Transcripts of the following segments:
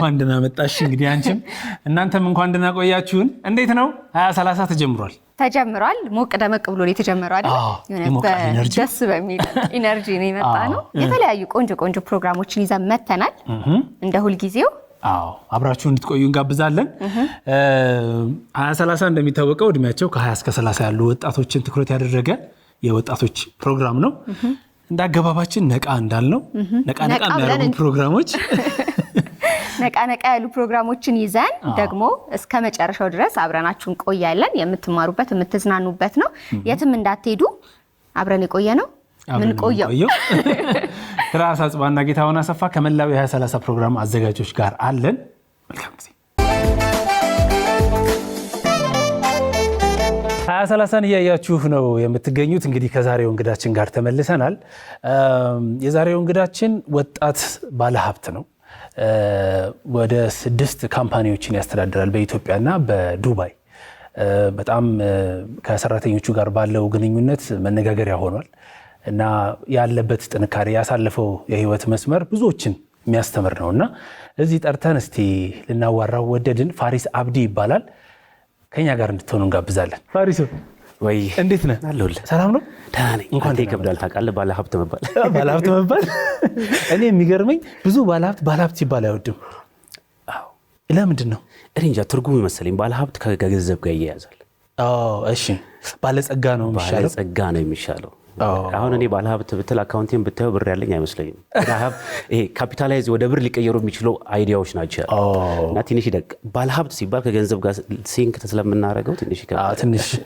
እንኳን ደህና መጣሽ። እንግዲህ አንቺም እናንተም እንኳን ደህና ቆያችሁን። እንዴት ነው ሀያ ሰላሳ ተጀምሯል ተጀምሯል ሞቅ ደመቅ ብሎ የተጀመረው አይደል? ደስ በሚል ኢነርጂ ነው የመጣ ነው። የተለያዩ ቆንጆ ቆንጆ ፕሮግራሞችን ይዘን መተናል። እንደ ሁልጊዜው አዎ አብራችሁ እንድትቆዩ እንጋብዛለን። ሀያ ሰላሳ እንደሚታወቀው እድሜያቸው ከሀያ እስከ ሰላሳ ያሉ ወጣቶችን ትኩረት ያደረገ የወጣቶች ፕሮግራም ነው። እንደ አገባባችን ነቃ እንዳልነው ነቃ ነቃ የሚያደርጉ ፕሮግራሞች ነቃ ነቃ ያሉ ፕሮግራሞችን ይዘን ደግሞ እስከ መጨረሻው ድረስ አብረናችሁን ቆያለን። የምትማሩበት የምትዝናኑበት ነው። የትም እንዳትሄዱ። አብረን የቆየ ነው ምን ቆየው ራስ አጽባና ጌታሁን አሰፋ ከመላው የ2030 ፕሮግራም አዘጋጆች ጋር አለን። መልካም ጊዜ። 2030ን እያያችሁ ነው የምትገኙት። እንግዲህ ከዛሬው እንግዳችን ጋር ተመልሰናል። የዛሬው እንግዳችን ወጣት ባለሀብት ነው። ወደ ስድስት ካምፓኒዎችን ያስተዳድራል በኢትዮጵያና በዱባይ። በጣም ከሰራተኞቹ ጋር ባለው ግንኙነት መነጋገሪያ ሆኗል እና ያለበት ጥንካሬ ያሳለፈው የህይወት መስመር ብዙዎችን የሚያስተምር ነው እና እዚህ ጠርተን እስቲ ልናዋራው ወደድን። ፋሪስ አብዲ ይባላል። ከኛ ጋር እንድትሆኑ እንጋብዛለን። ፋሪስ ወይ እንዴት ነህ? አለሁልህ። ሰላም ነው? ደህና ነኝ። እንኳን ይከብዳል ታውቃለህ፣ ባለሀብት መባል ባለሀብት መባል። እኔ የሚገርመኝ ብዙ ባለሀብት ባለሀብት ሲባል አይወድም። ለምንድን ነው? እኔ እንጃ ትርጉም ይመስለኝ። ባለሀብት ከገንዘብ ጋር ይያያዛል። ባለጸጋ ነው የሚሻለው። ባለጸጋ ነው የሚሻለው አሁን እኔ ባለሀብት ብትል አካውንቲን ብታየው ብር ያለኝ አይመስለኝም። ይሄ ካፒታላይዝ ወደ ብር ሊቀየሩ የሚችሉ አይዲያዎች ናቸው እና ትንሽ ይደቅ ባለሀብት ሲባል ከገንዘብ ጋር ሲንክ ስለምናደርገው ትንሽ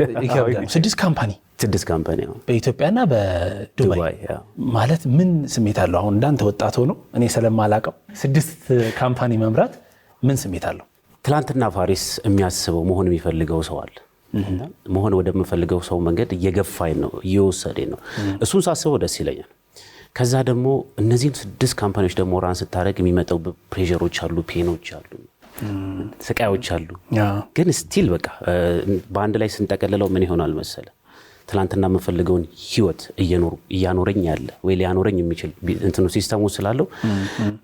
ስድስት ካምፓኒ ስድስት ካምፓኒ በኢትዮጵያና በዱባይ ማለት ምን ስሜት አለው? አሁን እንዳንተ ወጣት ሆኖ እኔ ስለማላቀው ስድስት ካምፓኒ መምራት ምን ስሜት አለው? ትላንትና ፋሪስ የሚያስበው መሆን የሚፈልገው ሰው አለ መሆን ወደምፈልገው ሰው መንገድ እየገፋኝ ነው፣ እየወሰደኝ ነው። እሱን ሳስበው ደስ ይለኛል። ከዛ ደግሞ እነዚህም ስድስት ካምፓኒዎች ደግሞ ራን ስታደረግ የሚመጣው ፕሬሮች አሉ፣ ፔኖች አሉ፣ ስቃዮች አሉ። ግን ስቲል በቃ በአንድ ላይ ስንጠቀልለው ምን ይሆናል መሰለ ትላንትና የምፈልገውን ህይወት እያኖረኝ ያለ ወይ ሊያኖረኝ የሚችል እንትኑ ሲስተሙ ስላለው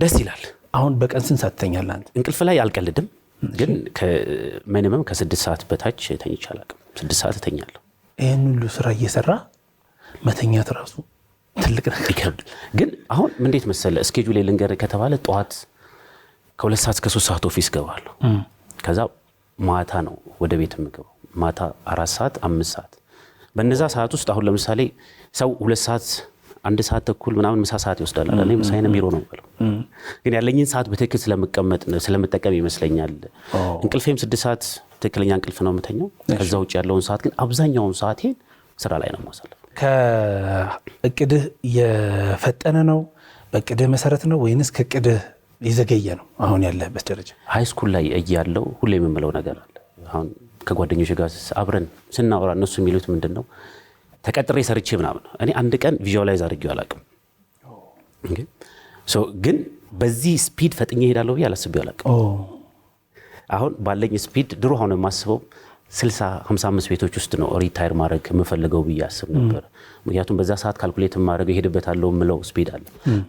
ደስ ይላል። አሁን በቀን ስንት ሰዓት አንተ? እንቅልፍ ላይ አልቀልድም። ግን ሚኒመም ከስድስት ሰዓት በታች ተኝቼ አላውቅም። ስድስት ሰዓት እተኛለሁ። ይህን ሁሉ ስራ እየሰራ መተኛት ራሱ ትልቅ ነገር ይከብዳል። ግን አሁን እንዴት መሰለ እስኬጁሌ ልንገር ከተባለ ጠዋት ከሁለት ሰዓት እስከ ሶስት ሰዓት ኦፊስ ገባለሁ። ከዛ ማታ ነው ወደ ቤት የምገባው። ማታ አራት ሰዓት አምስት ሰዓት በነዛ ሰዓት ውስጥ አሁን ለምሳሌ ሰው ሁለት ሰዓት አንድ ሰዓት ተኩል ምናምን ምሳ ሰዓት ይወስዳል አለ ምሳዬን ቢሮ ነው የምበለው። ግን ያለኝን ሰዓት በትክክል ስለመቀመጥ ስለመጠቀም ይመስለኛል። እንቅልፌም ስድስት ሰዓት ትክክለኛ እንቅልፍ ነው የምተኘው። ከዛ ውጭ ያለውን ሰዓት ግን አብዛኛውን ሰዓቴን ስራ ላይ ነው ማሳለፍ። ከእቅድህ የፈጠነ ነው በቅድህ መሰረት ነው ወይንስ ከቅድህ የዘገየ ነው? አሁን ያለህበት ደረጃ ሃይስኩል ላይ እያለው ሁሌ የምምለው ነገር አለ። አሁን ከጓደኞች ጋር አብረን ስናወራ እነሱ የሚሉት ምንድን ነው ተቀጥሬ ሰርቼ ምናምን እኔ አንድ ቀን ቪዥዋላይዝ አድርጌው አላቅም። ግን በዚህ ስፒድ ፈጥኜ እሄዳለሁ ብዬ አላስቤው አሁን ባለኝ ስፒድ ድሮ አሁን የማስበው ስልሳ ሀምሳ አምስት ቤቶች ውስጥ ነው ሪታይር ማድረግ የምፈልገው ብዬ አስብ ነበር። ምክንያቱም በዛ ሰዓት ካልኩሌት የማድረገው ይሄድበታለሁ የምለው ስፔድ አለ።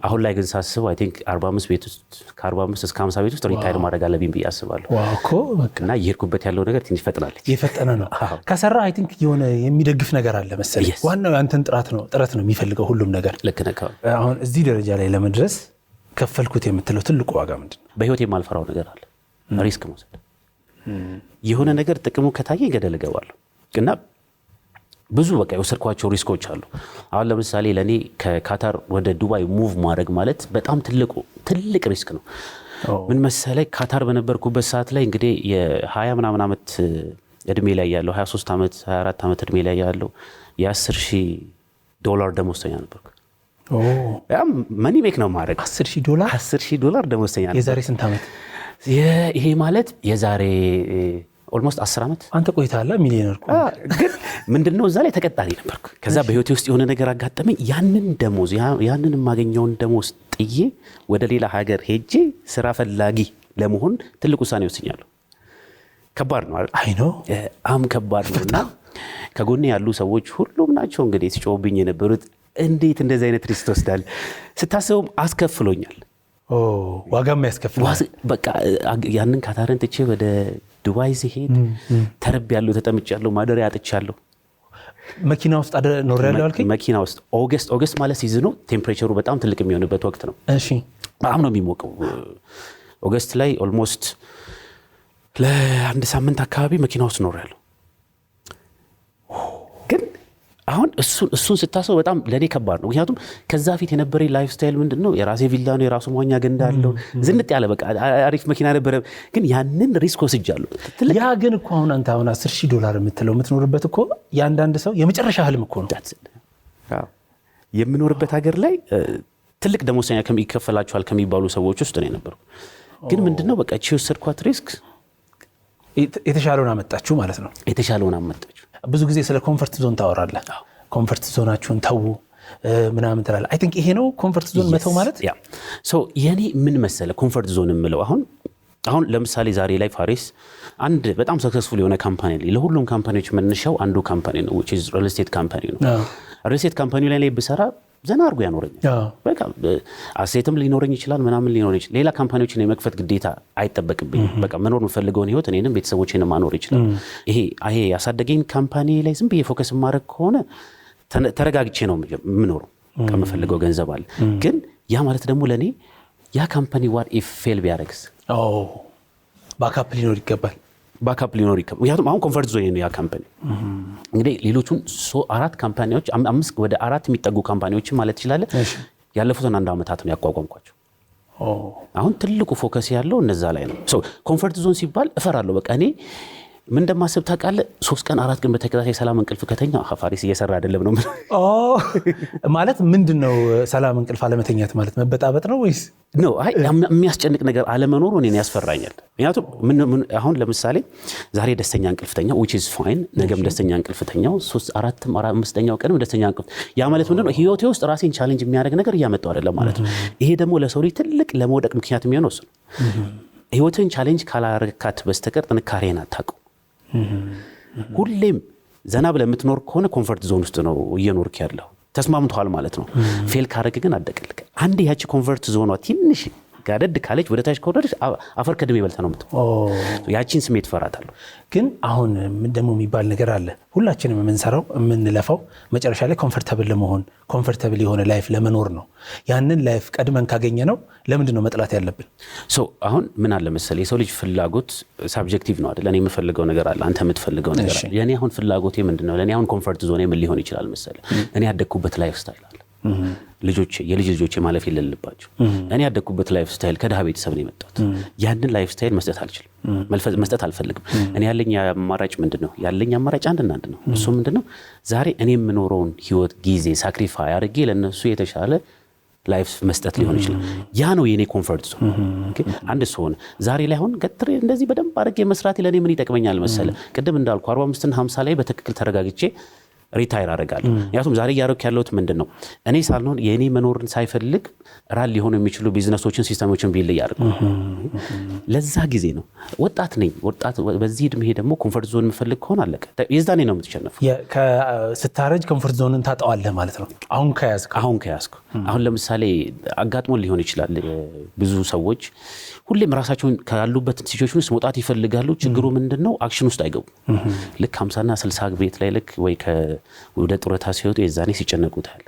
አሁን ላይ ግን ሳስበ አይ ቲንክ አርባ አምስት ቤት ውስጥ ከአርባ አምስት እስከ ሀምሳ ቤት ውስጥ ሪታይር ማድረግ አለብኝ ብዬ አስባለሁ። እና እየሄድኩበት ያለው ነገር ትንሽ ፈጥናለች። የፈጠነ ነው ከሰራ አይ ቲንክ የሆነ የሚደግፍ ነገር አለ መሰለኝ። ዋናው ያንተን ጥራት ነው ጥረት ነው የሚፈልገው ሁሉም ነገር ልክ ነህ። አሁን እዚህ ደረጃ ላይ ለመድረስ ከፈልኩት የምትለው ትልቁ ዋጋ ምንድን ነው? በህይወት የማልፈራው ነገር አለ ሪስክ መውሰድ የሆነ ነገር ጥቅሙ ከታየ ገደል እገባለሁ እና ብዙ በቃ የወሰድኳቸው ሪስኮች አሉ። አሁን ለምሳሌ ለእኔ ከካታር ወደ ዱባይ ሙቭ ማድረግ ማለት በጣም ትልቁ ትልቅ ሪስክ ነው። ምን መሰለ ካታር በነበርኩበት ሰዓት ላይ እንግዲህ የሀያ ምናምን ዓመት እድሜ ላይ ያለው 23 ዓመት 24 ዓመት እድሜ ላይ ያለው የ10 ሺህ ዶላር ደሞዝተኛ ነበርኩ። መኒ ሜክ ነው ማድረግ 10 ሺህ ዶላር ደሞዝተኛ የዛሬ ስንት ዓመት ይሄ ማለት የዛሬ ኦልሞስት አስር ዓመት አንተ ቆይታላ ሚሊዮነር ግን ምንድን ነው እዛ ላይ ተቀጣሪ ነበርኩ። ከዛ በህይወቴ ውስጥ የሆነ ነገር አጋጠመኝ። ያንን ደሞዝ ያንን የማገኘውን ደሞዝ ጥዬ ወደ ሌላ ሀገር ሄጄ ስራ ፈላጊ ለመሆን ትልቅ ውሳኔ ወስኛለሁ። ከባድ ነው አይ ነው አም ከባድ ነው። ከጎኔ ያሉ ሰዎች ሁሉም ናቸው እንግዲህ ሲጮህብኝ የነበሩት እንዴት እንደዚህ አይነት ሪስክ ትወስዳለህ? ስታስበውም አስከፍሎኛል ዋጋ የሚያስከፍል በቃ ያንን ትቼ ወደ ዱባይ ሲሄድ ተረብ ያለው ያለው ማደሪያ አጥቻለሁ። መኪና ውስጥ አደ ኖር ያለው አልከኝ። መኪና ውስጥ ኦገስት ኦገስት ማለት ሲዝኑ ቴምፕሬቸሩ በጣም ትልቅ የሚሆንበት ወቅት ነው። እሺ በጣም ነው የሚሞቀው። ኦገስት ላይ ኦልሞስት ለአንድ ሳምንት አካባቢ መኪና ውስጥ ኖር ያለው አሁን እሱን እሱን ስታሰው በጣም ለእኔ ከባድ ነው። ምክንያቱም ከዛ ፊት የነበረ ላይፍ ስታይል ምንድን ነው? የራሴ ቪላ ነው፣ የራሱ መዋኛ ገንዳ አለው፣ ዝንጥ ያለ በቃ አሪፍ መኪና ነበረ። ግን ያንን ሪስክ ወስጃለሁ። ያ ግን እኮ አሁን አንተ አሁን አስር ሺህ ዶላር የምትለው የምትኖርበት እኮ የአንዳንድ ሰው የመጨረሻ ህልም እኮ ነው። የምኖርበት ሀገር ላይ ትልቅ ደሞዝተኛ ይከፈላቸዋል ከሚባሉ ሰዎች ውስጥ ነው የነበርኩ። ግን ምንድነው በቃ ቺው ስርኳት ሪስክ የተሻለውን አመጣችሁ ማለት ነው። የተሻለውን አመጣችሁ ብዙ ጊዜ ስለ ኮንፈርት ዞን ታወራለ። ኮንፈርት ዞናችሁን ተዉ ምናምን ትላለ። አይ ቲንክ ይሄ ነው ኮንፈርት ዞን መተው ማለት። ያ የኔ ምን መሰለ ኮንፈርት ዞን የምለው አሁን አሁን ለምሳሌ ዛሬ ላይ ፋሪስ አንድ በጣም ሰክሰስፉል የሆነ ካምፓኒ ለሁሉም ካምፓኒዎች መነሻው አንዱ ካምፓኒ ነው፣ ሪል ስቴት ካምፓኒ ነው። ሪል ስቴት ካምፓኒ ላይ ብሰራ ዘና አድርጎ ያኖረኛል። በቃ አሴትም ሊኖረኝ ይችላል ምናምን ሊኖረኝ ይችላል። ሌላ ካምፓኒዎችን የመክፈት ግዴታ አይጠበቅብኝም። በቃ መኖር የምፈልገውን ህይወት እኔንም ቤተሰቦችን ማኖር ይችላል። ይሄ ይሄ ያሳደገኝ ካምፓኒ ላይ ዝም ብዬ ፎከስ ማድረግ ከሆነ ተረጋግቼ ነው የምኖረው። ከምፈልገው ገንዘብ አለ። ግን ያ ማለት ደግሞ ለእኔ ያ ካምፓኒ ዋር ኢፍ ፌል ቢያደርግስ ባካፕ ሊኖር ይገባል። ባካፕ ሊኖር ምክንያቱም አሁን ኮንፈርት ዞን ነው ያ ካምፓኒ። እንግዲህ ሌሎቹን አራት ካምፓኒዎች አምስት ወደ አራት የሚጠጉ ካምፓኒዎችን ማለት ትችላለህ ያለፉትን አንድ ዓመታት ነው ያቋቋምኳቸው። አሁን ትልቁ ፎከስ ያለው እነዛ ላይ ነው። ኮንፈርት ዞን ሲባል እፈራለሁ በቃ እኔ ምን እንደማስብ ታውቃለህ? ሶስት ቀን አራት ቀን በተከታታይ ሰላም እንቅልፍ ከተኛ ፋሪስ እየሰራ አይደለም ነው ማለት። ምንድን ነው ሰላም እንቅልፍ አለመተኛት ማለት መበጣበጥ ነው ወይስ ነው? አይ የሚያስጨንቅ ነገር አለመኖሩ እኔን ያስፈራኛል። ምክንያቱም አሁን ለምሳሌ ዛሬ ደስተኛ እንቅልፍተኛ ዊች ኢዝ ፋይን፣ ነገም ደስተኛ እንቅልፍተኛው ሶስት አራትም አምስተኛው ቀንም ደስተኛ እንቅልፍ። ያ ማለት ምንድን ነው ህይወቴ ውስጥ ራሴን ቻሌንጅ የሚያደርግ ነገር እያመጣሁ አይደለም ማለት ነው። ይሄ ደግሞ ለሰው ልጅ ትልቅ ለመውደቅ ምክንያት የሚሆነው እሱ ነው። ህይወትን ቻሌንጅ ካላረካት በስተቀር ጥንካሬን አታውቅም። ሁሌም ዘና ብለህ የምትኖር ከሆነ ኮንፈርት ዞን ውስጥ ነው እየኖርክ ያለው። ተስማምተዋል ማለት ነው። ፌል ካረግ ግን አደቀልክ። አንድ ያቺ ኮንቨርት ዞኗ ትንሽ ጋደድ ካለች ወደ ታች ከወረደች አፈር ከድሜ ይበልተ ነው የምትሆነው። ያቺን ስሜት እፈራታለሁ። ግን አሁን ደግሞ የሚባል ነገር አለ። ሁላችንም የምንሰራው የምንለፋው መጨረሻ ላይ ኮንፈርተብል ለመሆን ኮንፈርተብል የሆነ ላይፍ ለመኖር ነው። ያንን ላይፍ ቀድመን ካገኘ ነው ለምንድን ነው መጥላት ያለብን? አሁን ምን አለ መሰለ የሰው ልጅ ፍላጎት ሳብጀክቲቭ ነው አይደል? እኔ የምፈልገው ነገር አለ፣ አንተ የምትፈልገው ነገር አለ። ለእኔ አሁን ፍላጎቴ ምንድን ነው? ለእኔ አሁን ኮንፈርት ዞን ምን ሊሆን ይችላል መሰለ እኔ ያደግኩበት ላይፍ ስታይል አለ ልጆች የልጅ ልጆች ማለፍ የሌለባቸው እኔ ያደግኩበት ላይፍ ስታይል ከድሃ ቤተሰብ ነው የመጣት ያንን ላይፍ ስታይል መስጠት አልችልም፣ መስጠት አልፈልግም። እኔ ያለኝ አማራጭ ምንድን ነው? ያለኝ አማራጭ አንድና አንድ ነው። እሱ ምንድን ነው? ዛሬ እኔ የምኖረውን ህይወት፣ ጊዜ ሳክሪፋይ አድርጌ ለእነሱ የተሻለ ላይፍ መስጠት ሊሆን ይችላል። ያ ነው የእኔ ኮንፈርት ዞን። አንድ ሰው ሆነ ዛሬ ላይ አሁን ገትሬ እንደዚህ በደንብ አድርጌ መስራት ለእኔ ምን ይጠቅመኛል መሰለ ቅድም እንዳልኩ አርባ ምስትና ሀምሳ ላይ በትክክል ተረጋግቼ ሪታይር አደርጋለሁ። ምክንያቱም ዛሬ እያደረኩ ያለሁት ምንድን ነው እኔ ሳልሆን የእኔ መኖርን ሳይፈልግ ራል ሊሆኑ የሚችሉ ቢዝነሶችን፣ ሲስተሞችን ቢል እያደረኩ ለዛ ጊዜ ነው። ወጣት ነኝ። ወጣት በዚህ እድሜ ደግሞ ኮንፈርት ዞን የምፈልግ ከሆን አለቀ። የዛኔ ነው የምትሸነፉ። ስታረጅ ኮንፈርት ዞንን ታጠዋለ ማለት ነው። አሁን ከያዝ አሁን ከያዝኩ አሁን ለምሳሌ አጋጥሞ ሊሆን ይችላል ብዙ ሰዎች ሁሌም ራሳቸውን ካሉበት ሲቹዌሽን ውስጥ መውጣት ይፈልጋሉ። ችግሩ ምንድን ነው? አክሽን ውስጥ አይገቡ። ልክ ሀምሳና ስልሳ ቤት ላይ ልክ ወይ ወደ ጡረታ ሲወጡ የዛኔ ሲጨነቁታል።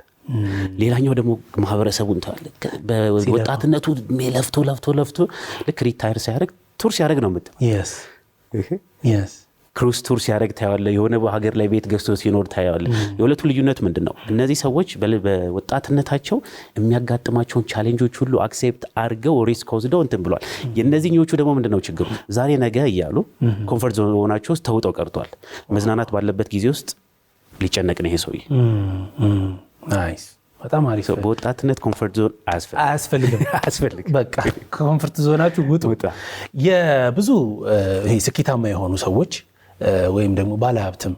ሌላኛው ደግሞ ማህበረሰቡን ተዋል። በወጣትነቱ ለፍቶ ለፍቶ ለፍቶ ልክ ሪታይር ሲያደርግ ቱር ሲያደርግ ነው ምት ክሩስ ቱር ሲያደርግ ታየዋለ። የሆነ ሀገር ላይ ቤት ገዝቶ ሲኖር ታየዋለ። የሁለቱ ልዩነት ምንድን ነው? እነዚህ ሰዎች በወጣትነታቸው የሚያጋጥማቸውን ቻሌንጆች ሁሉ አክሴፕት አድርገው ሪስክ ወስደው እንትን ብሏል። የእነዚህኞቹ ደግሞ ምንድነው ችግሩ? ዛሬ ነገ እያሉ ኮንፈርት ዞናቸው ውስጥ ተውጠው ቀርቷል። መዝናናት ባለበት ጊዜ ውስጥ ሊጨነቅ ነው ይሄ ሰውዬ። በጣም አሪፍ። በወጣትነት ኮንፈርት ዞን አያስፈልግም። በቃ ኮንፈርት ዞናችሁ ውጡ። የብዙ ስኬታማ የሆኑ ሰዎች ወይም ደግሞ ባለሀብትም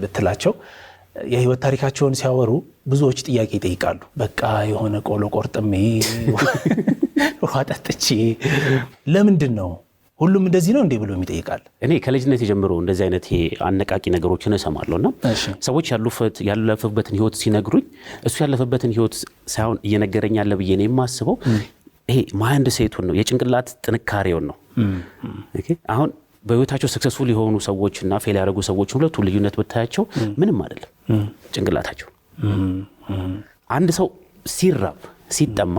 ብትላቸው የህይወት ታሪካቸውን ሲያወሩ ብዙዎች ጥያቄ ይጠይቃሉ። በቃ የሆነ ቆሎ ቆርጥሜ ውሃ ጠጥቼ ለምንድን ነው ሁሉም እንደዚህ ነው እንዴ ብሎ ይጠይቃል። እኔ ከልጅነት የጀምሮ እንደዚህ አይነት አነቃቂ ነገሮችን እሰማለሁ እና ሰዎች ያለፉበትን ህይወት ሲነግሩኝ እሱ ያለፈበትን ህይወት ሳይሆን እየነገረኝ ያለ ብዬ ነው የማስበው። ይሄ ማይንድ ሴቱን ነው የጭንቅላት ጥንካሬውን ነው። አሁን በህይወታቸው ስክሰስፉል የሆኑ ሰዎችና ፌል ያደረጉ ሰዎች ሁለቱ ልዩነት ብታያቸው ምንም አይደለም። ጭንቅላታቸው አንድ ሰው ሲራብ ሲጠማ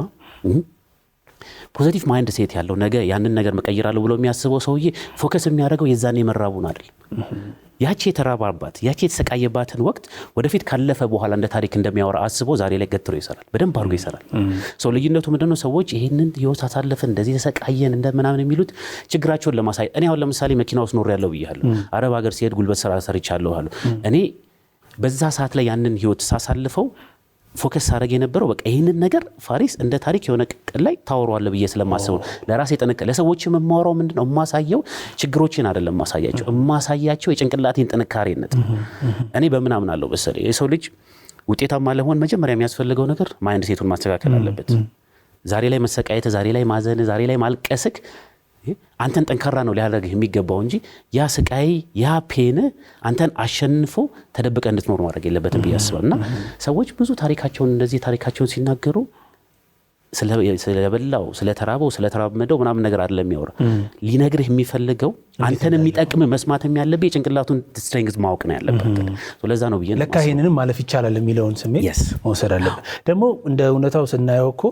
ፖዘቲቭ ማይንድ ሴት ያለው ነገ ያንን ነገር መቀይራለሁ ብሎ የሚያስበው ሰውዬ ፎከስ የሚያደርገው የዛን የመራቡን አይደለም ያቺ የተራባባት ያቺ የተሰቃየባትን ወቅት ወደፊት ካለፈ በኋላ እንደ ታሪክ እንደሚያወራ አስቦ ዛሬ ላይ ገትሮ ይሰራል፣ በደንብ አድርጎ ይሰራል። ሰው ልዩነቱ ምንድነው? ሰዎች ይህንን ህይወት አሳለፍን እንደዚህ ተሰቃየን እንደምናምን የሚሉት ችግራቸውን ለማሳየት። እኔ አሁን ለምሳሌ መኪና ውስጥ ኖር ያለው ብያለሁ። አረብ ሀገር ሲሄድ ጉልበት ስራ ሰርቻለሁ አሉ። እኔ በዛ ሰዓት ላይ ያንን ህይወት ሳሳልፈው ፎከስ አድረግ የነበረው በቃ ይህንን ነገር ፋሪስ እንደ ታሪክ የሆነ ቅቅል ላይ ታወሯዋለ ብዬ ስለማስቡ ለራሴ ጥንቅ ለሰዎች የማወራው ምንድን ነው የማሳየው ችግሮችን አይደለም ማሳያቸው የማሳያቸው የጭንቅላቴን ጥንካሬነት ነው። እኔ በምን አምናለሁ መሰለኝ የሰው ልጅ ውጤታማ ለመሆን መጀመሪያ የሚያስፈልገው ነገር ማይንድ ሴቱን ማስተካከል አለበት። ዛሬ ላይ መሰቃየት፣ ዛሬ ላይ ማዘን፣ ዛሬ ላይ ማልቀስክ አንተን ጠንካራ ነው ሊያደርግህ የሚገባው እንጂ ያ ስቃይ ያ ፔን አንተን አሸንፎ ተደብቀ እንድትኖር ማድረግ የለበትም ብዬ አስባል እና ሰዎች ብዙ ታሪካቸውን እንደዚህ ታሪካቸውን ሲናገሩ ስለበላው ስለተራበው ስለተራመደው ምናምን ነገር አይደለም የሚያወራ ሊነግርህ የሚፈልገው አንተን የሚጠቅም መስማት ያለብህ የጭንቅላቱን ስትሬንግዝ ማወቅ ነው ያለበት። ለዛ ነው ብዬ ለካ ይሄንንም ማለፍ ይቻላል የሚለውን ስሜት መውሰድ አለብን። ደግሞ እንደ እውነታው ስናየው እኮ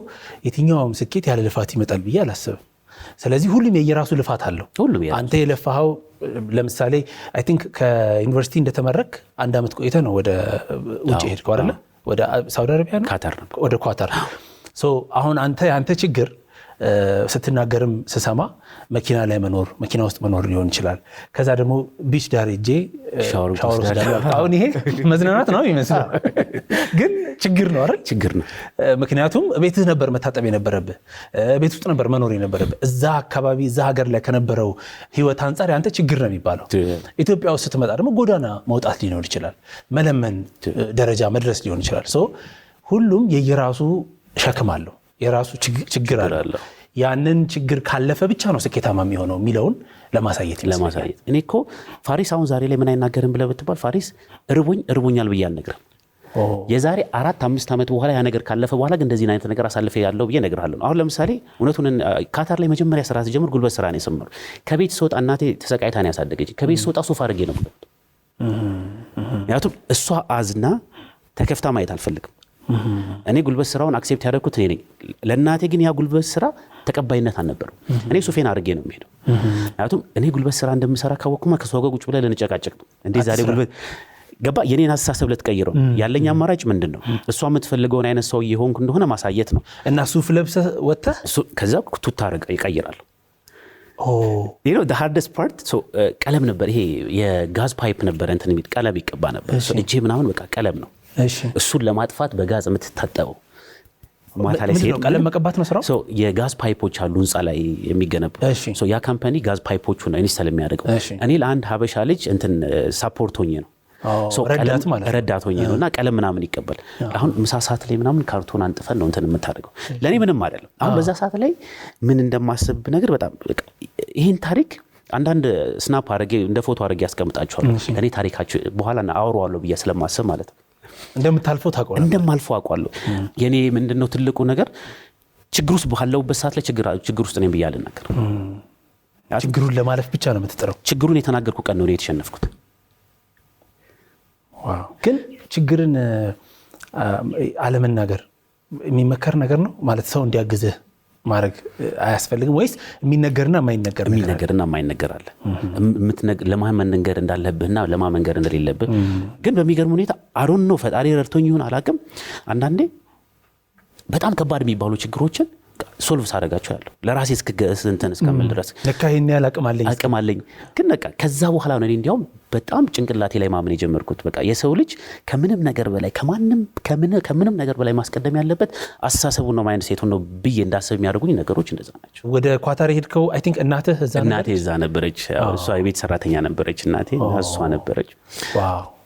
የትኛውም ስኬት ያለ ልፋት ይመጣል ብዬ አላስብም። ስለዚህ ሁሉም የየራሱ ልፋት አለው። አንተ የለፋኸው ለምሳሌ አይ ቲንክ ከዩኒቨርሲቲ እንደተመረክ አንድ ዓመት ቆይተ ነው ወደ ውጭ ሄድከው አይደለ? ወደ ሳውዲ አረቢያ ነው ወደ ኳታር። አሁን አንተ የአንተ ችግር ስትናገርም ስሰማ መኪና ላይ መኖር መኪና ውስጥ መኖር ሊሆን ይችላል። ከዛ ደግሞ ቢች ዳር እጄ ሻወር አሁን ይሄ መዝናናት ነው ይመስላል፣ ግን ችግር ነው አይደል? ችግር ነው። ምክንያቱም ቤትህ ነበር መታጠብ የነበረብህ፣ ቤት ውስጥ ነበር መኖር የነበረብህ። እዛ አካባቢ እዛ ሀገር ላይ ከነበረው ህይወት አንጻር ያንተ ችግር ነው የሚባለው። ኢትዮጵያ ውስጥ ስትመጣ ደግሞ ጎዳና መውጣት ሊኖር ይችላል፣ መለመን ደረጃ መድረስ ሊሆን ይችላል። ሁሉም የየራሱ ሸክም አለው። የራሱ ችግር አለ። ያንን ችግር ካለፈ ብቻ ነው ስኬታማ የሚሆነው የሚለውን ለማሳየት ለማሳየት እኔ እኮ ፋሪስ አሁን ዛሬ ላይ ምን አይናገርም ብለህ ብትባል ፋሪስ እርቦኝ እርቦኛል ብዬ አልነግርም። የዛሬ አራት አምስት ዓመት በኋላ ያ ነገር ካለፈ በኋላ ግን እንደዚህ አይነት ነገር አሳልፈ ያለው ብዬ እነግርሃለሁ። አሁን ለምሳሌ እውነቱን ካታር ላይ መጀመሪያ ስራ ሲጀምር ጉልበት ስራ ነው የሰመሩ። ከቤት ስወጣ እናቴ ተሰቃይታ ነው ያሳደገች። ከቤት ስወጣ ሶፋ አድርጌ ነው ምክንያቱም እሷ አዝና ተከፍታ ማየት አልፈልግም። እኔ ጉልበት ስራውን አክሴፕት ያደረግኩት እኔ ነኝ። ለእናቴ ግን ያ ጉልበት ስራ ተቀባይነት አልነበረው። እኔ ሱፌን አድርጌ ነው የሚሄደው። ምክንያቱም እኔ ጉልበት ስራ እንደምሰራ ካወቅኩማ ከሷ ጋር ቁጭ ብለን ልንጨቃጨቅ ነው እንዴ ዛሬ ጉልበት ገባ የኔን አስተሳሰብ ልትቀይረው ያለኝ አማራጭ ምንድን ነው? እሷ የምትፈልገውን አይነት ሰው የሆንኩ እንደሆነ ማሳየት ነው። እና ሱፍ ለብሰህ ወጥተህ ከዛ ቱታ ይቀይራሉ። ሃርደስት ፓርት ቀለም ነበር። ይሄ የጋዝ ፓይፕ ነበረ እንትን የሚል ቀለም ይቀባ ነበር እጄ ምናምን በቃ ቀለም ነው እሱን ለማጥፋት በጋዝ የምትታጠበው ማታ ላይ ሲሄድ ቀለም መቀባት ነው ስራው። የጋዝ ፓይፖች አሉ ህንፃ ላይ የሚገነቡ። ያ ካምፓኒ ጋዝ ፓይፖቹ ነው ኢንስታል የሚያደርገው። እኔ ለአንድ ሀበሻ ልጅ እንትን ሳፖርት ሆኜ ነው ረዳት ሆኜ ነው እና ቀለም ምናምን ይቀበል። አሁን ምሳ ሰዓት ላይ ምናምን ካርቶን አንጥፈን ነው እንትን የምታደርገው። ለእኔ ምንም አይደለም። አሁን በዛ ሰዓት ላይ ምን እንደማስብ ነገር በጣም ይህን ታሪክ አንዳንድ ስናፕ አድርጌ እንደ ፎቶ አድርጌ ያስቀምጣችኋል። እኔ ታሪካቸው በኋላ አወራዋለሁ ብዬ ስለማስብ ማለት ነው። እንደምታልፈው ታውቀዋለህ። እንደማልፈው አውቀዋለሁ። የኔ ምንድነው ትልቁ ነገር ችግር ውስጥ ባለውበት ሰዓት ላይ ችግር ውስጥ ነኝ ብያለ ነገር ችግሩን ለማለፍ ብቻ ነው የምትጥረው። ችግሩን የተናገርኩ ቀን ነው የተሸነፍኩት። ግን ችግርን አለመናገር የሚመከር ነገር ነው ማለት ሰው እንዲያግዝህ ማድረግ አያስፈልግም ወይስ የሚነገርና የማይነገር የሚነገርና የማይነገር አለ? ለማን መንገር እንዳለብህና ለማን መንገር እንደሌለብህ ግን በሚገርም ሁኔታ አሮን ነው ፈጣሪ ረድቶኝ ይሁን አላቅም። አንዳንዴ በጣም ከባድ የሚባሉ ችግሮችን ሶልቭ ሳደረጋቸው ያለሁ ለራሴ እስክንትን እስከምል ድረስ ይህን አቅም አለኝ። ግን ከዛ በኋላ ነው እንዲያውም በጣም ጭንቅላቴ ላይ ማመን የጀመርኩት በቃ የሰው ልጅ ከምንም ነገር በላይ ከምንም ነገር በላይ ማስቀደም ያለበት አስተሳሰቡ ነው፣ ማይነት ሴቱ ነው ብዬ እንዳሰብ የሚያደርጉኝ ነገሮች እንደዛ ናቸው። ወደ ኳታር ሄድከው? አይ ቲንክ እናትህ እናቴ እዛ ነበረች። እሷ የቤት ሰራተኛ ነበረች እናቴ፣ እሷ ነበረች።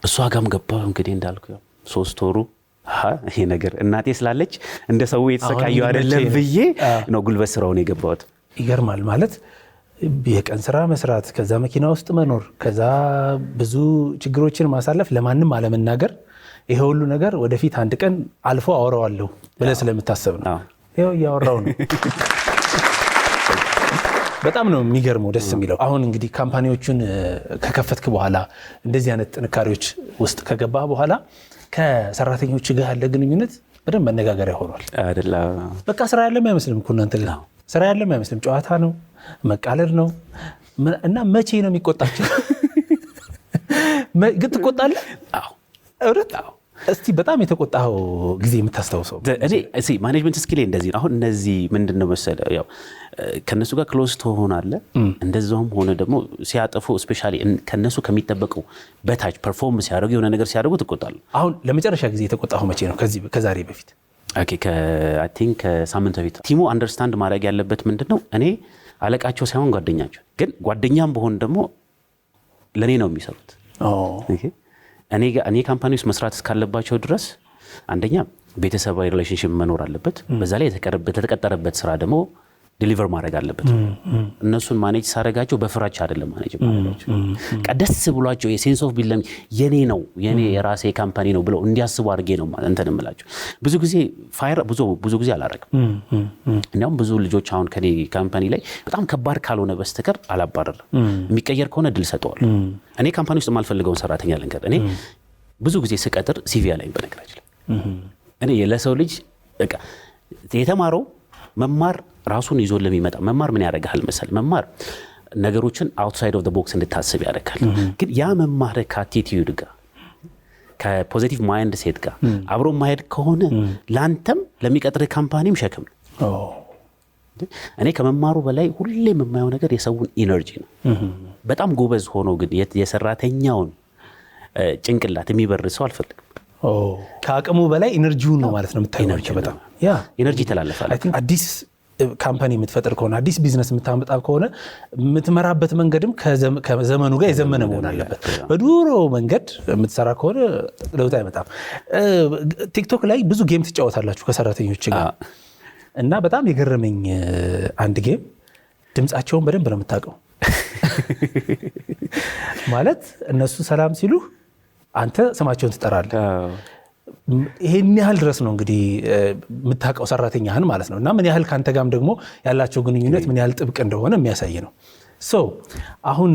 እሷ ጋም ገባ እንግዲህ እንዳልኩ ሶስት ወሩ ይሄ ነገር እናቴ ስላለች እንደ ሰው የተሰቃየው አይደለም ብዬ ነው ጉልበት ስራውን የገባሁት። ይገርማል ማለት የቀን ስራ መስራት፣ ከዛ መኪና ውስጥ መኖር፣ ከዛ ብዙ ችግሮችን ማሳለፍ፣ ለማንም አለመናገር፣ ይሄ ሁሉ ነገር ወደፊት አንድ ቀን አልፎ አወራዋለሁ ብለህ ስለምታሰብ ነው። ይኸው እያወራው ነው። በጣም ነው የሚገርመው፣ ደስ የሚለው። አሁን እንግዲህ ካምፓኒዎቹን ከከፈትክ በኋላ እንደዚህ አይነት ጥንካሬዎች ውስጥ ከገባህ በኋላ ከሰራተኞች ጋር ያለ ግንኙነት በደንብ መነጋገሪያ ሆኗል በቃ ስራ ያለም አይመስልም እኮ እናንተ ስራ ያለም አይመስልም። ጨዋታ ነው፣ መቃለድ ነው እና መቼ ነው የሚቆጣቸው? ግን ትቆጣለህ። እስቲ በጣም የተቆጣው ጊዜ የምታስታውሰው? እኔ ማኔጅመንት ስኪል እንደዚህ ነው። አሁን እነዚህ ምንድን ነው መሰለህ ያው ከእነሱ ጋር ክሎዝ ትሆናለህ። እንደዛውም ሆነ ደግሞ ሲያጠፉ እስፔሻሊ ከእነሱ ከሚጠበቀው በታች ፐርፎርም ሲያደርጉ የሆነ ነገር ሲያደርጉ ትቆጣለህ። አሁን ለመጨረሻ ጊዜ የተቆጣሁ መቼ ነው? ከዛሬ በፊት ቲንክ ከሳምንት በፊት ቲሙ አንደርስታንድ ማድረግ ያለበት ምንድን ነው፣ እኔ አለቃቸው ሳይሆን ጓደኛቸው፣ ግን ጓደኛም በሆን ደግሞ ለእኔ ነው የሚሰሩት። እኔ ካምፓኒ ውስጥ መስራት እስካለባቸው ድረስ አንደኛ ቤተሰባዊ ሪሌሽንሽፕ መኖር አለበት። በዛ ላይ የተቀጠረበት ስራ ደግሞ ዲሊቨር ማድረግ አለበት። እነሱን ማኔጅ ሳደርጋቸው በፍራች አይደለም ማኔጅ ቀደስ ብሏቸው የሴንስ ኦፍ ቢለም የኔ ነው የኔ የራሴ ካምፓኒ ነው ብለው እንዲያስቡ አድርጌ ነው እንትን ምላቸው ብዙ ጊዜ ፋይር ብዙ ጊዜ አላረግም እንዲያውም ብዙ ልጆች አሁን ከኔ ካምፓኒ ላይ በጣም ከባድ ካልሆነ በስተቀር አላባረርም። የሚቀየር ከሆነ ድል ሰጠዋል። እኔ ካምፓኒ ውስጥ የማልፈልገውን ሰራተኛ ልንገር። እኔ ብዙ ጊዜ ስቀጥር ሲቪያ ላይ በነገራችን ላይ እኔ ለሰው ልጅ የተማረው መማር ራሱን ይዞ ለሚመጣ መማር ምን ያደርግሃል መሰል መማር ነገሮችን አውትሳይድ ኦፍ ቦክስ እንድታስብ ያደርጋል። ግን ያ መማር ከአቲቲዩድ ጋር ከፖዚቲቭ ማይንድ ሴት ጋር አብሮ ማሄድ ከሆነ ለአንተም ለሚቀጥርህ ካምፓኒም ሸክም ነው። እኔ ከመማሩ በላይ ሁሌም የማየው ነገር የሰውን ኢነርጂ ነው። በጣም ጎበዝ ሆኖ ግን የሰራተኛውን ጭንቅላት የሚበር ሰው አልፈልግም። ከአቅሙ በላይ ኢነርጂውን ነው ማለት ነው የምታየው። በጣም ኢነርጂ ተላለፋል። አዲስ ካምፓኒ የምትፈጥር ከሆነ አዲስ ቢዝነስ የምታመጣ ከሆነ የምትመራበት መንገድም ከዘመኑ ጋር የዘመነ መሆን አለበት። በዱሮ መንገድ የምትሰራ ከሆነ ለውጥ አይመጣም። ቲክቶክ ላይ ብዙ ጌም ትጫወታላችሁ ከሰራተኞች ጋር እና በጣም የገረመኝ አንድ ጌም ድምፃቸውን በደንብ ነው የምታውቀው ማለት እነሱ ሰላም ሲሉ አንተ ስማቸውን ትጠራለህ። ይሄን ያህል ድረስ ነው እንግዲህ የምታውቀው ሰራተኛህን ማለት ነው። እና ምን ያህል ከአንተ ጋርም ደግሞ ያላቸው ግንኙነት ምን ያህል ጥብቅ እንደሆነ የሚያሳይ ነው። አሁን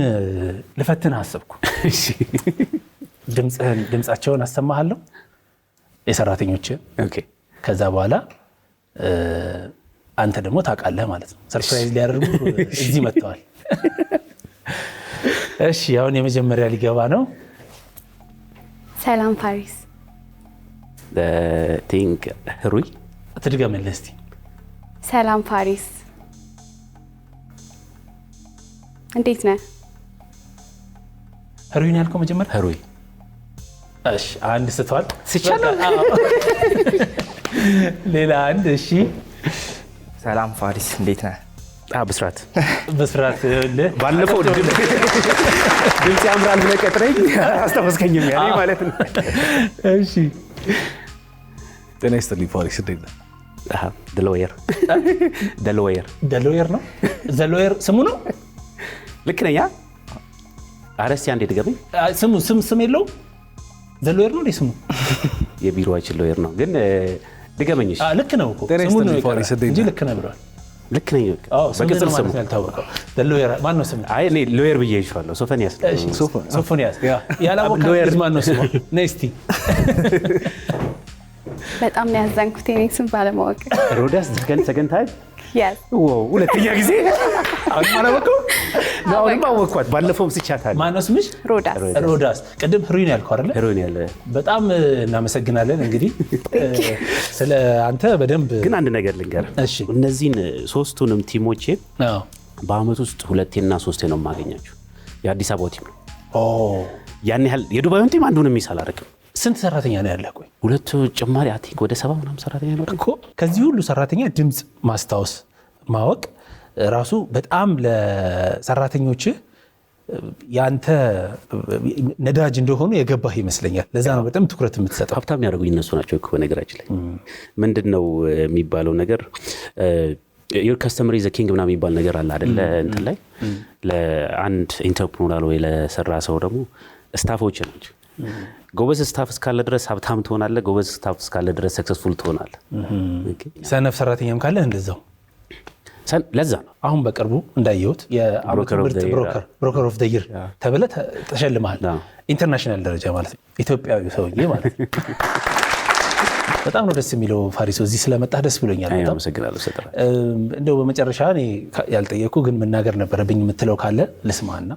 ልፈትን አሰብኩ። ድምፃቸውን አሰማሃለሁ የሰራተኞች ከዛ በኋላ አንተ ደግሞ ታውቃለህ ማለት ነው። ሰርፕራይዝ ሊያደርጉ እዚህ መጥተዋል። እሺ፣ አሁን የመጀመሪያ ሊገባ ነው። ሰላም ፋሪስ ቲንክ ህሩይ ትድገምልህ እስቲ። ሰላም ፋሪስ እንዴት ነህ? ህሩይ ነው ያልከው መጀመሪያ። ህሩይ እሺ፣ አንድ ስተዋል ሲቻለው ሌላ አንድ። እሺ፣ ሰላም ፋሪስ እንዴት ነህ? ብስራት ብስራት ባለፈው ድምፅ ያምራል ብለህ ቀጥረኝ አስተፈስከኝም ያ ማለት ነው። እሺ ጤና ይስጥልኝ ፎሬክስ፣ እንዴት ደሎየር ደሎየር ደሎየር ነው ዘሎየር ስሙ ነው። ልክ ነኝ። ኧረ እስኪ አንዴ ድገመኝ። ስሙ ስም ስም የለው ዘሎየር ነው ስሙ። የቢሮዋችን ሎየር ነው ግን ድገመኝ። ልክ ነው እኮ ስሙ ነው እንጂ ልክ ነህ ብለዋል ልክ ነኝ። በቅጽል ስሙ ሎየር ብዬ ይችዋለሁ። ሶፎንያስ ሶፎንያስ ያላወቃ ማነው ስሙ? ነይ እስኪ በጣም ነው ያዘንኩት የእኔን ስም ባለማወቅ። ሮዳስ ዘገን ሰገን ታይ ሁለተኛ ጊዜ አሁንም አላወቀውም። አሁንም አወቅኳት። ባለፈውም ስቻታል። ማነስ ምሽ ሮዳስ። ቅድም ህሩይ ያልኩ አለ አይደለ? ያለ። በጣም እናመሰግናለን። እንግዲህ ስለ አንተ በደንብ ግን አንድ ነገር ልንገር፣ እነዚህን ሶስቱንም ቲሞቼ በአመት ውስጥ ሁለቴና ሶስቴ ነው የማገኛቸው። የአዲስ አበባ ቲም ነው ያን ያህል የዱባዩን ቲም አንዱን የሚሳል አደረግም ስንት ሰራተኛ ነው ያለህ? ቆይ ሁለቱ ጭማሪ አቲንክ ወደ ሰባ ምናምን ሰራተኛ ነው እኮ። ከዚህ ሁሉ ሰራተኛ ድምፅ ማስታወስ ማወቅ ራሱ በጣም ለሰራተኞች ያንተ ነዳጅ እንደሆኑ የገባህ ይመስለኛል። ለዛ ነው በጣም ትኩረት የምትሰጠው። ሀብታም ያደርጉኝ እነሱ ናቸው እኮ በነገራችን ላይ ምንድን ነው የሚባለው ነገር ዩር ከስተመሪ ዘ ኪንግ ምናምን የሚባል ነገር አለ አደለ? እንትን ላይ ለአንድ ኢንተርፕሮናል ወይ ለሰራ ሰው ደግሞ ስታፎች ናቸው ጎበዝ ስታፍ እስካለ ድረስ ሀብታም ትሆናለ። ጎበዝ ስታፍ እስካለ ድረስ ሰክሰስፉል ትሆናለህ። ሰነፍ ሰራተኛም ካለ እንደዛው። ለዛ ነው አሁን በቅርቡ እንዳየሁት ብሮከር ኦፍ ደይር ተብለ ተሸልመሃል። ኢንተርናሽናል ደረጃ ማለት ነው። ኢትዮጵያዊ ሰውዬ ማለት ነው። በጣም ነው ደስ የሚለው ፋሪሶ፣ እዚህ ስለመጣህ ደስ ብሎኛል። እንደው በመጨረሻ ያልጠየቅኩ ግን መናገር ነበረብኝ የምትለው ካለ ልስማና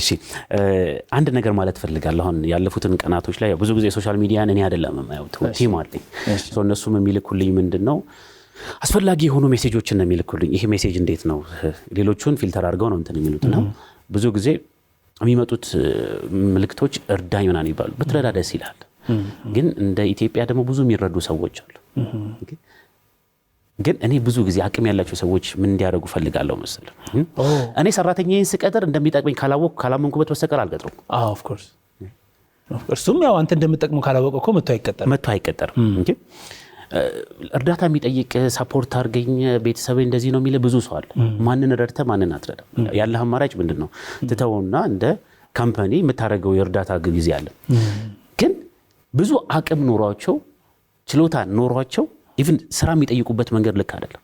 እሺ አንድ ነገር ማለት ፈልጋለሁ። አሁን ያለፉትን ቀናቶች ላይ ብዙ ጊዜ ሶሻል ሚዲያን እኔ አይደለም የማየው ቲም አለኝ። እነሱም የሚልኩልኝ ምንድን ነው አስፈላጊ የሆኑ ሜሴጆችን ነው የሚልኩልኝ። ይሄ ሜሴጅ እንዴት ነው ሌሎቹን ፊልተር አድርገው ነው እንትን የሚሉት ነው። ብዙ ጊዜ የሚመጡት ምልክቶች እርዳኝ ምናምን ይባሉ፣ ብትረዳ ደስ ይላል። ግን እንደ ኢትዮጵያ ደግሞ ብዙ የሚረዱ ሰዎች አሉ ግን እኔ ብዙ ጊዜ አቅም ያላቸው ሰዎች ምን እንዲያደርጉ ፈልጋለሁ መሰለህ፣ እኔ ሰራተኛዬን ስቀጥር እንደሚጠቅመኝ ካላወቅኩ ካላመንኩበት በስተቀር አልቀጥሩም። እርሱም ያው አንተ እንደምጠቅመው ካላወቀ እኮ መቶ አይቀጠርም፣ መቶ አይቀጠርም። እርዳታ የሚጠይቅ ሰፖርት አድርገኝ፣ ቤተሰብ እንደዚህ ነው የሚለ ብዙ ሰው አለ። ማንን ረድተ ማንን አትረዳም? ያለህ አማራጭ ምንድን ነው? ትተውና እንደ ካምፓኒ የምታደርገው የእርዳታ ጊዜ አለ። ግን ብዙ አቅም ኖሯቸው ችሎታ ኖሯቸው ኢቭን ስራ የሚጠይቁበት መንገድ ልክ አይደለም።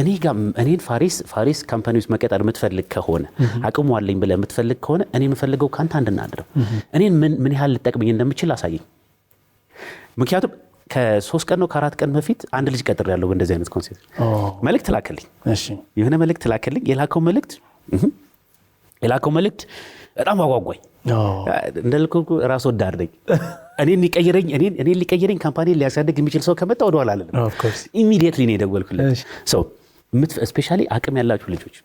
እኔ ጋ እኔን ፋሪስ ፋሪስ ካምፓኒ ውስጥ መቀጠር የምትፈልግ ከሆነ አቅሙ አለኝ ብለህ የምትፈልግ ከሆነ እኔ የምፈልገው ከአንተ አንድና አንድ ነው። እኔን ምን ያህል ልጠቅምኝ እንደምችል አሳየኝ። ምክንያቱም ከሶስት ቀን ነው ከአራት ቀን በፊት አንድ ልጅ ቀጥር ያለው በእንደዚህ አይነት ኮንሴፕት መልእክት ላከልኝ። የሆነ መልእክት ላከልኝ። የላከው መልእክት የላከው መልእክት በጣም አጓጓኝ። እንደልኩ ራስ ወዳድ ነኝ። እኔን ሊቀይረኝ እኔን ሊቀይረኝ ካምፓኒን ሊያሳድግ የሚችል ሰው ከመጣ ወደኋላ አለንም። ኢሚዲየትሊ ነው የደወልኩለት እስፔሻሊ አቅም ያላችሁ ልጆች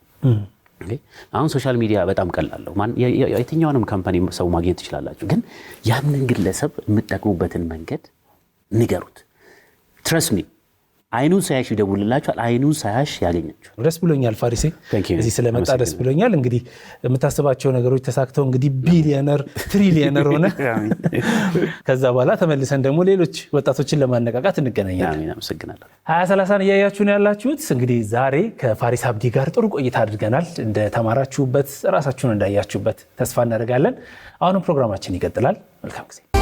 አሁን ሶሻል ሚዲያ በጣም ቀላለሁ። የትኛውንም ካምፓኒ ሰው ማግኘት ትችላላችሁ። ግን ያንን ግለሰብ የምጠቅሙበትን መንገድ ንገሩት። ትረስሚ አይኑን ሳያሽ ይደውልላቸዋል። አይኑን ሳያሽ ያገኛቸዋል። ደስ ብሎኛል ፋሪሴ፣ እዚህ ስለመጣ ደስ ብሎኛል። እንግዲህ የምታስባቸው ነገሮች ተሳክተው እንግዲህ ቢሊየነር ትሪሊየነር ሆነ ከዛ በኋላ ተመልሰን ደግሞ ሌሎች ወጣቶችን ለማነቃቃት እንገናኛለን። አመሰግናለሁ። ሀያ ሰላሳን እያያችሁ ያላችሁት። እንግዲህ ዛሬ ከፋሪስ አብዲ ጋር ጥሩ ቆይታ አድርገናል። እንደተማራችሁበት ራሳችሁን እንዳያችሁበት ተስፋ እናደርጋለን። አሁንም ፕሮግራማችን ይቀጥላል። መልካም ጊዜ